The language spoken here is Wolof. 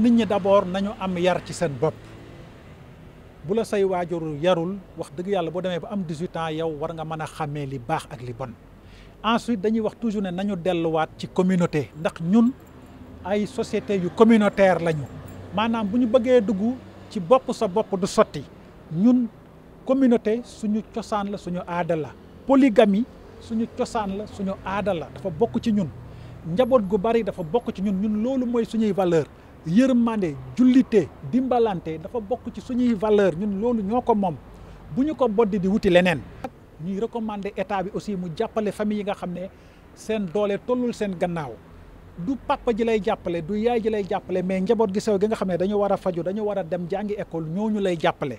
nit ñi d'abord nañu am yar ci seen bopp bu la say waajur yarul wax dëgg yàlla boo demee ba am 18 ans yow war nga mën a xàmmee li baax ak li bon ensuite dañuy wax toujours ne nañu delluwaat ci communauté ndax ñun ay société yu communautaire lañu maanaam bu ñu bëggee dugg ci bopp sa bopp du sotti ñun communauté suñu cosaan la suñu aada la polygamie suñu cosaan la suñu aadala dafa bokk ci ñun njaboot gu bari dafa bokk ci ñun ñun loolu mooy suñuy valeur yërmande jullite dimbalante dafa bokk ci suñuy valeur ñun loolu ñoo ko moom bu ñu ko boddi di wuti leneen ak ñuy recommander état bi aussi mu jàppale famille yi nga xam ne seen doole tollul seen gannaaw du papa ji lay jàppale du yaay ji lay jàppale mais njaboot gi sew gi nga xam ne dañu war a faju dañu war a dem jàngi école ñu lay jàppale